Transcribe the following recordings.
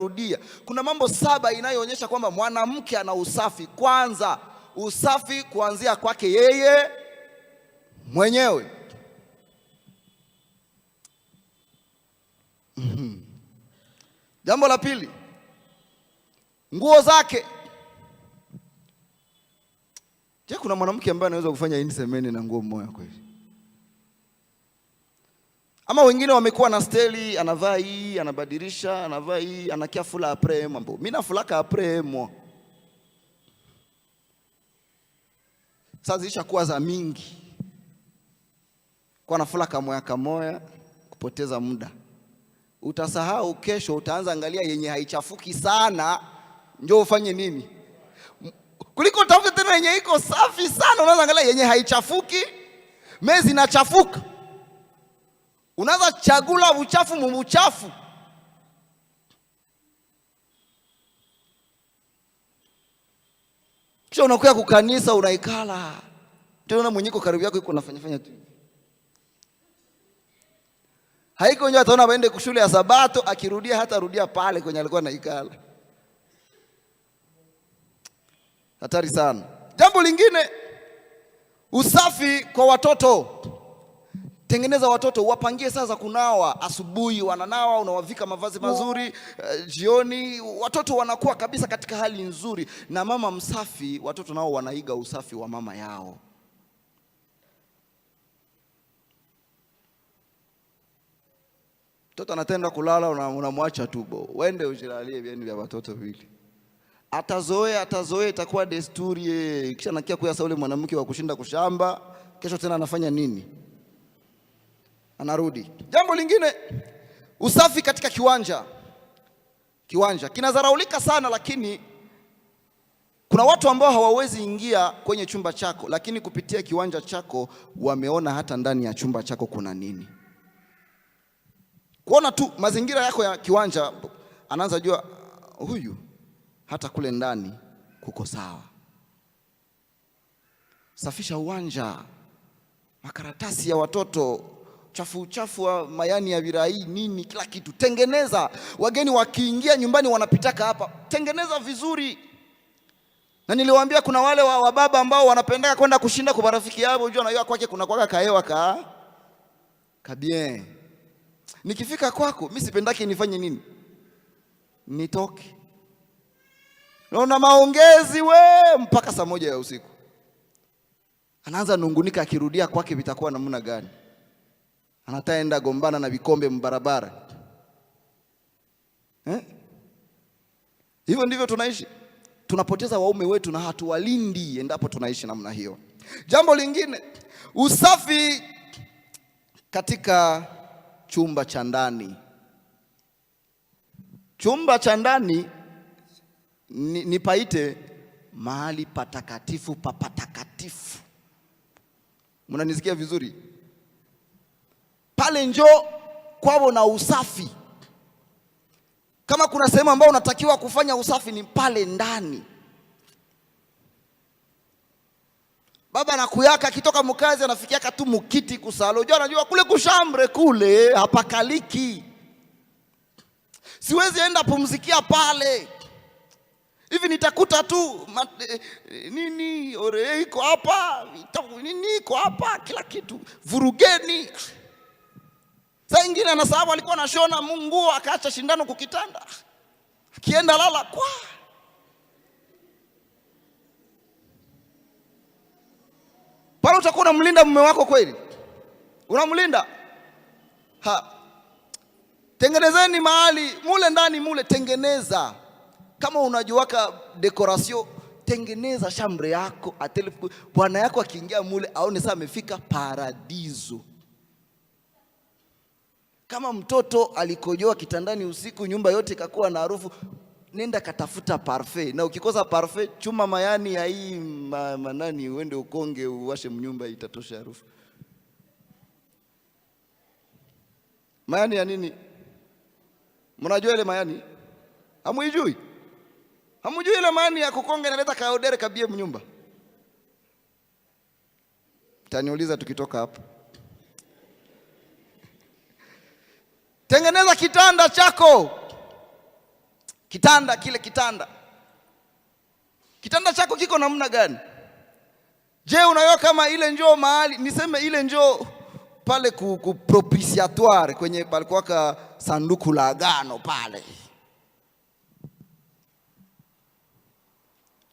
Rudia. Kuna mambo saba inayoonyesha kwamba mwanamke ana usafi. Kwanza, usafi kuanzia kwake yeye mwenyewe. mm -hmm. Jambo la pili, nguo zake. Je, kuna mwanamke ambaye anaweza kufanya insemeni na nguo moja kweli? Ama wengine wamekuwa na steli, anavaa hii, anabadilisha, anavaa hii, anakia fula apremo moi mbo. Mimi na fulaka Sasa kuwa za mingi. Kwa na fulaka moya kamoya kupoteza muda. Utasahau kesho, utaanza angalia yenye haichafuki sana, njoo ufanye nini? Kuliko tafute tena yenye iko safi sana, unaanza angalia yenye haichafuki, mezi inachafuka. Unaweza chagula uchafu mumuchafu. Kisha unakuya kukanisa unaikala. Tena mwenyeko karibu yako iko nafanya fanya tu. Haiko nje ataona waende kushule ya Sabato akirudia hata rudia pale kwenye alikuwa naikala Hatari sana. Jambo lingine usafi kwa watoto. Tengeneza watoto wapangie saa za kunawa. Asubuhi wananawa, unawavika mavazi mazuri uh, jioni watoto wanakuwa kabisa katika hali nzuri. Na mama msafi, watoto nao wanaiga usafi wa mama yao. Mtoto anatenda kulala, unamwacha una tubo, wende ujilalie vyeni vya watoto vili Atazoea, atazoea, itakuwa desturi. Eh. Kisha nakia kuyasa ule mwanamke wa kushinda kushamba, kesho tena anafanya nini? anarudi. Jambo lingine, usafi katika kiwanja. Kiwanja kinadharaulika sana, lakini kuna watu ambao hawawezi ingia kwenye chumba chako, lakini kupitia kiwanja chako wameona hata ndani ya chumba chako kuna nini. Kuona tu mazingira yako ya kiwanja, anaanza jua huyu, hata kule ndani kuko sawa. Safisha uwanja, makaratasi ya watoto chafu chafu wa mayani ya virai nini, kila kitu tengeneza. Wageni wakiingia nyumbani wanapitaka hapa, tengeneza vizuri. Na niliwaambia kuna wale wa wababa ambao wanapendeka kwenda kushinda kwa marafiki yao, unajua na kwake kuna kwaka kaewa ka kabien. Nikifika kwako mimi sipendaki nifanye nini? Nitoke. Naona maongezi we mpaka saa moja ya usiku. Anaanza nungunika, akirudia kwake vitakuwa namna gani? anataenda gombana na vikombe mbarabara eh? Hivyo ndivyo tunaishi, tunapoteza waume wetu na hatuwalindi endapo tunaishi namna hiyo. Jambo lingine, usafi katika chumba cha ndani. Chumba cha ndani nipaite mahali patakatifu papatakatifu. Mnanisikia vizuri? pale njo kwao na usafi. Kama kuna sehemu ambayo unatakiwa kufanya usafi ni pale ndani. Baba nakuyaka akitoka mkazi anafikiaka tu mukiti kusalo, jua anajua kule kushambre kule hapakaliki, siwezi enda pumzikia pale hivi nitakuta tu mat, e, nini ore iko hapa nini iko hapa, kila kitu vurugeni. Saa ingine anasahau alikuwa anashona nguo akaacha shindano kukitanda, akienda lala kwa pale. Utakuwa unamlinda mume wako kweli? Unamlinda? Tengenezeni mahali mule ndani mule, tengeneza kama unajuaka dekorasio, tengeneza shambre yako atele, bwana yako akiingia mule aone saa amefika paradiso. Kama mtoto alikojoa kitandani usiku, nyumba yote ikakuwa na harufu, nenda katafuta parfait, na ukikosa parfait, chuma mayani ya hii manani, uende ukonge, uwashe mnyumba, itatosha harufu. Mayani ya nini? Mnajua ile mayani? Hamuijui? Hamujui ile mayani ya kukonge naleta kaodere kabie mnyumba? Taniuliza tukitoka hapa. Tengeneza kitanda chako, kitanda kile, kitanda kitanda chako kiko namna gani? Je, unayo kama ile njoo mahali niseme ile njoo pale ku, ku propitiatoire kwenye palikuwaka sanduku la agano pale,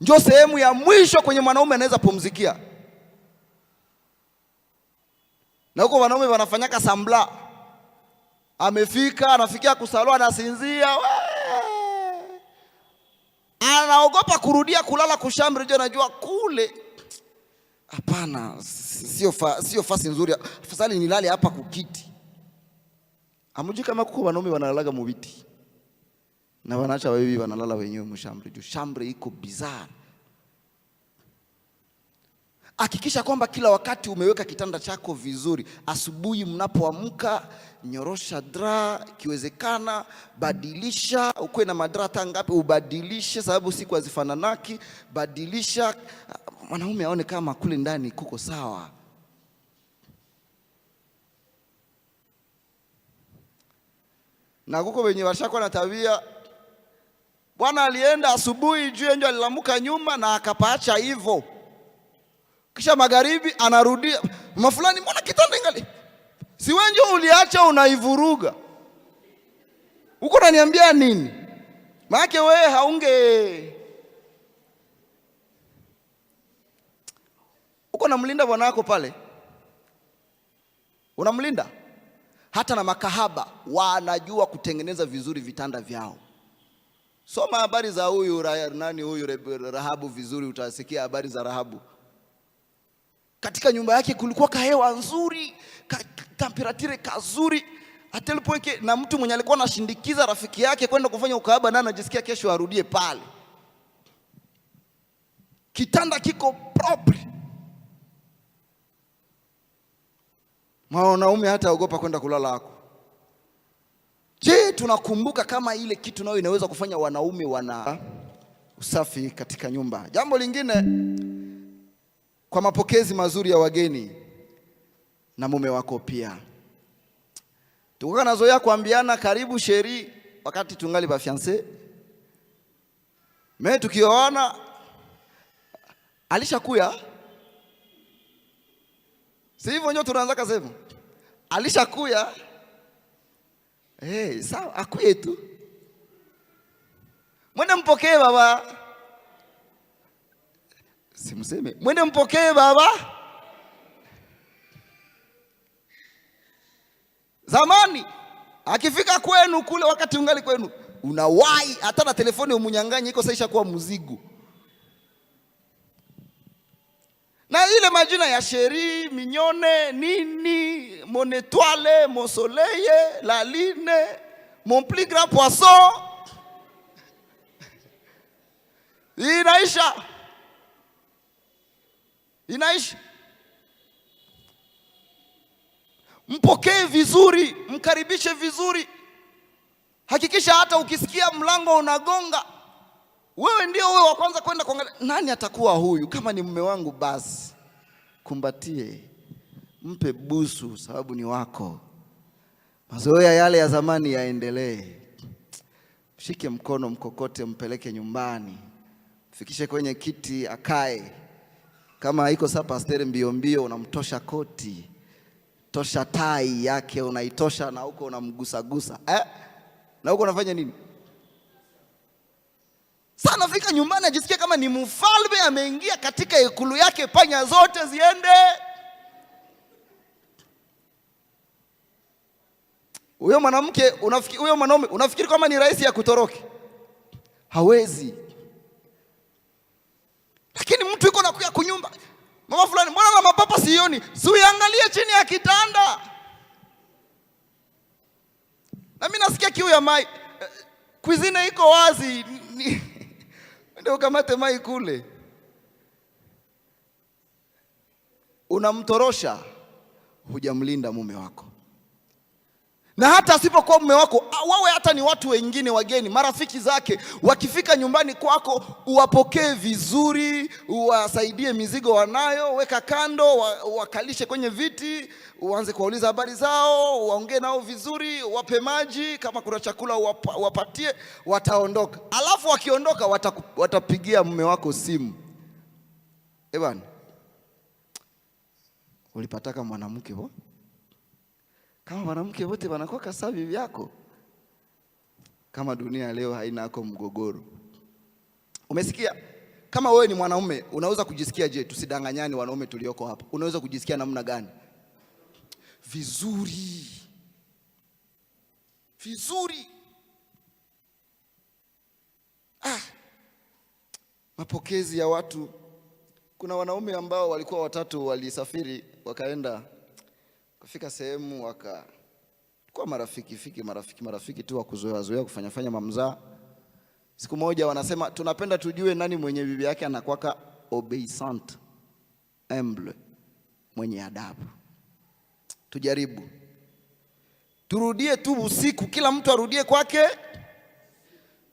njoo sehemu ya mwisho kwenye mwanaume anaweza pumzikia, na huko wanaume wanafanyaka sambla Amefika, anafikia kusalua, anasinzia, anaogopa kurudia kulala kushamri. Je, najua kule, hapana, sio fa, sio fasi nzuri, afadhali nilale hapa kukiti. Amuji kama kuko wanaume wanalalaga mubiti na wanacha wabibi wanalala wenyewe mshamri, juu shamri iko bizara Hakikisha kwamba kila wakati umeweka kitanda chako vizuri. Asubuhi mnapoamka, nyorosha draa ikiwezekana, badilisha. Ukuwe na madra hata ngapi, ubadilishe, sababu siku hazifananaki. Badilisha mwanaume aone kama kule ndani kuko sawa. Na kuko wenye washakuwa na tabia, bwana alienda asubuhi juu enjo alilamuka nyuma na akapaacha hivyo kisha magharibi anarudia, mama fulani, mbona kitanda ingali si wewe ndio uliacha unaivuruga? Uko unaniambia nini? Maanake wewe haunge uko namlinda bwana wako pale, unamlinda hata na makahaba wanajua kutengeneza vizuri vitanda vyao. Soma habari za huyu nani, huyu Rahabu vizuri, utasikia habari za Rahabu katika nyumba yake kulikuwa kahewa nzuri ka, temperature kazuri hata na mtu mwenye alikuwa anashindikiza rafiki yake kwenda kufanya ukahaba naye anajisikia kesho arudie pale. Kitanda kiko propri, mwanaume hata ogopa kwenda kulala hako. Je, tunakumbuka kama ile kitu nayo inaweza kufanya wanaume wana usafi katika nyumba? Jambo lingine kwa mapokezi mazuri ya wageni na mume wako pia. Tulikuwa tunazoea kuambiana karibu sheri wakati tungali ba fiance. Me tukioana alishakuya, si hivyo ndio tunaanza kusema alishakuya. Hey, eh, sawa akuye tu, mwende mpokee baba simseme, mwende mpokee baba. Zamani akifika kwenu kule, wakati ungali kwenu, unawahi hata na telefoni umunyanganye, iko saisha kuwa mzigo na ile majina ya Sheri Minyone nini mon étoile mon soleil la lune mon plus grand poisson inaisha inaishi. Mpokee vizuri, mkaribishe vizuri. Hakikisha hata ukisikia mlango unagonga, wewe ndio wewe wa kwanza kwenda kuangalia nani atakuwa huyu. Kama ni mume wangu, basi kumbatie, mpe busu, sababu ni wako. Mazoea yale ya zamani yaendelee. Mshike mkono, mkokote, mpeleke nyumbani, mfikishe kwenye kiti, akae. Kama iko sasa, pasteri mbio mbio unamtosha koti, tosha tai yake unaitosha, na huko unamgusagusa eh? na huko unafanya nini? Sasa anafika nyumbani ajisikia kama ni mfalme ameingia katika ikulu yake, panya zote ziende. Huyo mwanamke unafikiri, huyo mwanaume unafikiri kwamba ni rahisi ya kutoroki Hawezi. mama fulani, mbona na mapapa sioni? Siuangalie chini ya kitanda. Na mimi nasikia kiu ya mai, kwizine iko wazi, ndio ukamate mai kule, unamtorosha, hujamlinda mume wako na hata asipokuwa mume wako, wawe hata ni watu wengine wageni, marafiki zake, wakifika nyumbani kwako uwapokee vizuri, uwasaidie mizigo wanayo, weka kando, wakalishe kwenye viti, uanze kuwauliza habari zao, waongee nao vizuri, wape maji, kama kuna chakula wapatie, wataondoka. Alafu wakiondoka, watapigia mume wako simu, ebana, eh ulipataka mwanamke kama wanamke wote wanakuwa kasavi vyako, kama dunia leo hainako mgogoro. Umesikia? Kama wewe ni mwanaume unaweza kujisikia je? Tusidanganyani, wanaume tulioko hapa, unaweza kujisikia namna gani? Vizuri, vizuri. Ah, mapokezi ya watu. Kuna wanaume ambao walikuwa watatu, walisafiri wakaenda kufika sehemu waka kwa marafiki fiki marafiki marafiki tu wakuzoeazoea kufanyafanya mamzaa. Siku moja wanasema tunapenda tujue nani mwenye bibi yake anakuwaka obeisant humble, mwenye adabu. Tujaribu turudie tu usiku, kila mtu arudie kwake,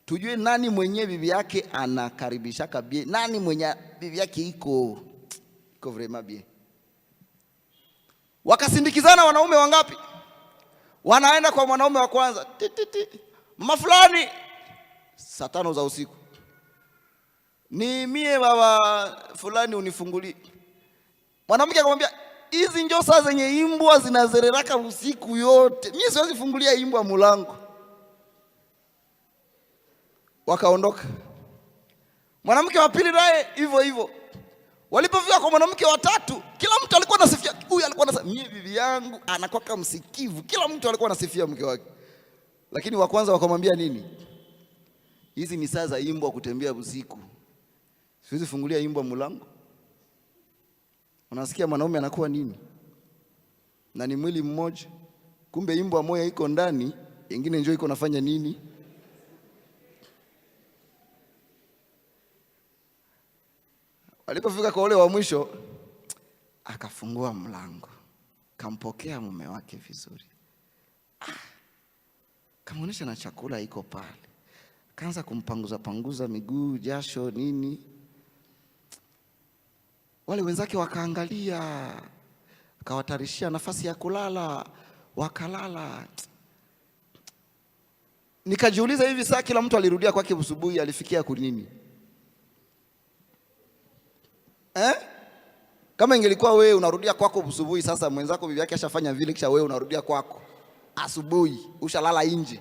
tujue nani mwenye bibi yake anakaribishaka bie, nani mwenye bibi yake iko iko vraiment bien wakasindikizana wanaume wangapi? Wanaenda kwa mwanaume wa kwanza, tititi, mama fulani, saa tano za usiku, ni mie baba fulani unifungulie. Mwanamke akamwambia hizi njo saa zenye imbwa zinazereraka usiku yote, mie siwezi fungulia imbwa mulango. Wakaondoka. Mwanamke wa pili naye hivyo hivyo Walipofika kwa mwanamke watatu, kila mtu alikuwa anasifia. Huyu alikuwa anasema mimi bibi yangu anakwaka msikivu, kila mtu alikuwa anasifia mke wake. Lakini wa kwanza wakamwambia nini? Hizi ni saa za imbwa kutembea usiku, siwezi fungulia imbwa mlango. Unasikia mwanaume anakuwa nini? Na ni mwili mmoja, kumbe imbwa moya iko ndani, ingine njoo iko nafanya nini? Walipofika kwa ule wa mwisho, akafungua mlango, kampokea mume wake vizuri, ah, kamwonyesha na chakula iko pale, kaanza kumpanguza panguza miguu, jasho nini. Wale wenzake wakaangalia, akawatarishia nafasi ya kulala, wakalala. Nikajiuliza hivi, saa kila mtu alirudia kwake, usubuhi alifikia kunini? eh? Kama ingelikuwa wewe unarudia kwako asubuhi, sasa mwenzako bibi yake ashafanya vile, kisha wewe unarudia kwako asubuhi, ushalala nje.